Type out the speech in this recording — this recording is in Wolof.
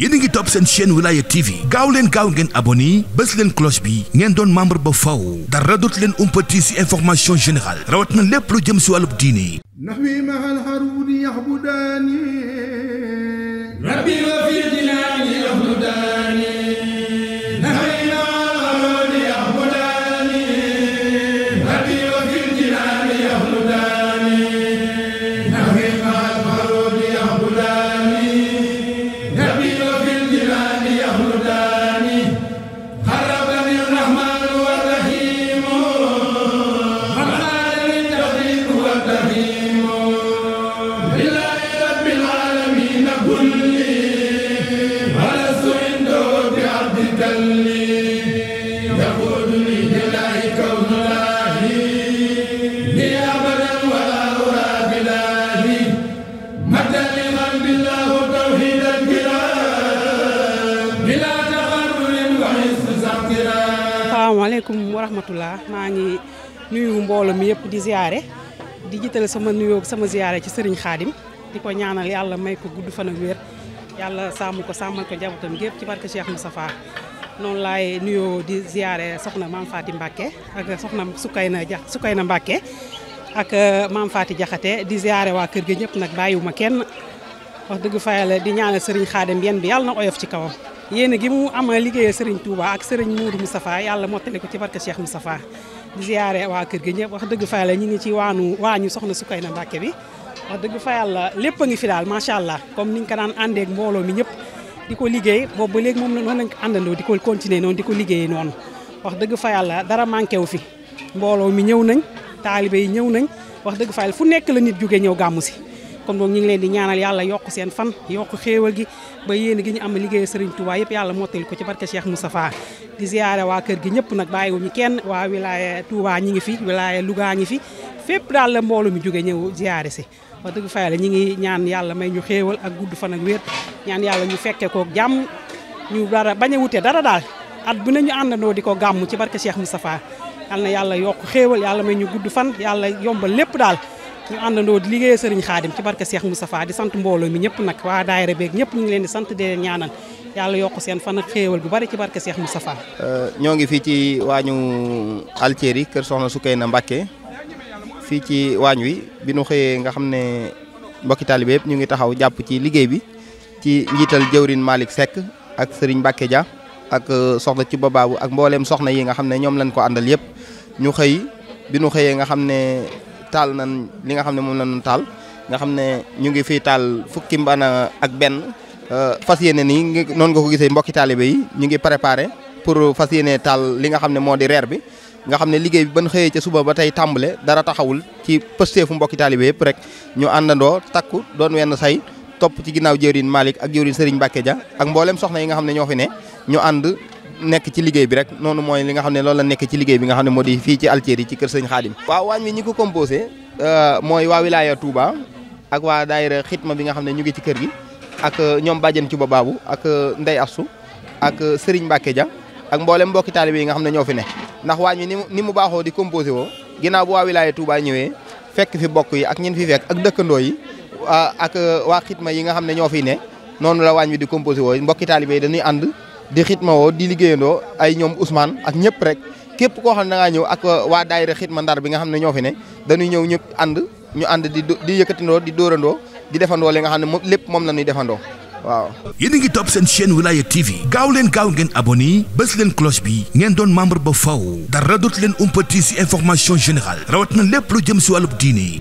yéen a ngi topp seen chaîne Wilaya TV gaaw leen gaaw ngeen abonné bés leen cloche bi ngeen doon membre ba faw dara dootu leen umpati si information générale rawat na lépp lu jëm si wàllu diini naxwi mahal haruni yaxbudaani rabbi asalaamaaleykum wa rahmatullah maa ngi nuyu mbooloo mi yëpp di ziare di jiital sama nuyoo sama ziare ci Serigne xaadim di ko ñaanal yàlla may ko gudd fan ak wér yàlla sàmm ko sàmmal ko njabootam gépp ci barke Cheikh Moustapha noonu laay nuyoo di ziare soxna maam Faty Mbacké ak soxna Soukayna Ja Soukayna Mbacké ak euh, maam Faty jaxate di ziare waa kër gi ñëpp nag ma kenn wax dëgg fa yàlla di ñaanal Serigne Khadim yéen bi yàlla na oyof ci kawam. yéen gi mu am liggéeyal Serigne Touba ak Serigne Mourou safaa yàlla mottali ko ci barke Cheikh Moustapha di ziare waa kër gi ñëpp wax dëgg fa yàlla ñu ngi ci waanu waañu soxna Sukayna Mbàkke bi wax dëgg fa lépp a ngi fi daal macha allah comme niñ ko daan àndeek mbooloo mi ñëpp di ko liggéey boobu ba moom la noonu lañ ko àndandoo di ko continuer noonu di ko liggéeyee noonu wax dëgg fa yàlla dara manqué wu fi mbooloo mi ñëw nañ taalibe yi ñëw nañ wax dëgg fa yàlla fu nekk la nit jóge ñëw gàmmu si kon boog ñu ngi leen di ñaanal yàlla yokk seen fan yokk xéewal gi ba yéen gi ñu am liggéey Serigne Touba yëpp yàlla mottali ko ci barke Cheikh Moustapha di ziyaare waa kër gi mi jóge ñëw ziyaare si wax dëgg fa yàlla ñi ngi ñaan yàlla may ñu xéewal ak gudd fan ak wér ñaan ñu fekke kook jàmm ñu dara a wute dara daal at bu ne ñu àndandoo di ko gàmm ci barke Cheikh Moustapha yal na yàlla yokk xéewal yàlla may ñu gudd fan yàlla yombal lépp daal ñu àndandoo di liggéeyee sëriñ xaadim ci barke Cheikh Moustapha di sant mbooloo mi ñëpp nag waa daayira beeg ñëpp ñu ngi leen di sant di leen ñaanal yàlla yokk seen fan ak xéewal bu bari ci barke Cheikh Moustapha euh, ñoo ngi fii ci waañu Altieri kër soxna Sukayna Mbàkke fii ci waañ wi bi nu xëyee nga xam ne mbokki taalibe yëpp ñu ngi taxaw jàpp ci liggéey bi ci njiital jëwrin Malick Seck ak sëriñ Mbàkke ja ak euh, soxna ci babaabu ak mbooleem soxna yi nga xam ne ñoom lañ ko àndal yëpp ñu xëy xëyee nga xam ne taal nan li nga xam ne moom la ñu taal nga xam ne ñu ngi fii taal fukki mbana ak benn euh, fas yéene nii noonu nga ko gisee mbokki taalibe yi ñu ngi préparé pour fas yene taal li nga xam ne moo di reer bi nga xam ne liggéey bi ban xëyee ca suba ba tey tàmbale dara taxawul ci pësteefu mbokki taalibe yëpp rek ñu àndandoo takku doon wenn say topp ci ginnaaw jëwriñ malik ak jëwriñ sëriñ Mbacke ja ak mboolem soxna yi nga xam ne ñoo fi ne ñu ànd nekk ci liggéey bi rek noonu mooy li nga xam ne loolu la nekk ci liggéey bi nga xam ne moo di fii ci Alceri ci kër ko composé euh, mooy waa wilaaya Touba ak waa daayira xitma bi nga xam ne ñu ngi ci kër gi ak euh, ñoom bàjjen ci ba baabu ak euh, Ndey Assu ak Sëriñ Mbàkke Ja ak mboolem mbokki taalibe yi nga xam ne ñoo fi ne ndax waañ ni mu ni mu baaxoo di composé woo ginnaaw bu waa wilaaya ñëwee fekk fi bokk yi ak ñin fi fekk ak dëkkandoo yi ak waa xitma yi nga xam ne ñoo fi ne noonu la waañ wi di composé woo mbokki taalibe yi dañuy ànd di xitmawoo di liggéeyandoo ay ñoom usmaan ak ñëpp rek képp koo xam ne da ñëw ak uh, waa daayira xitma ndar bi nga xam ne ñoo fi ne dañuy ñëw ñëpp ànd ñu ànd di di yëkkatindoo di dóorandoo di defandoo li nga xam ne moom lépp moom la ñuy defandoo waaw. yéen a ngi topp seen chaîne Wilaya TV gaaw leen gaaw ngeen abonné bés leen cloche bi ngeen doon membre ba faw dara dootu leen umpati si information générale rawat na lépp lu jëm si wàllu diini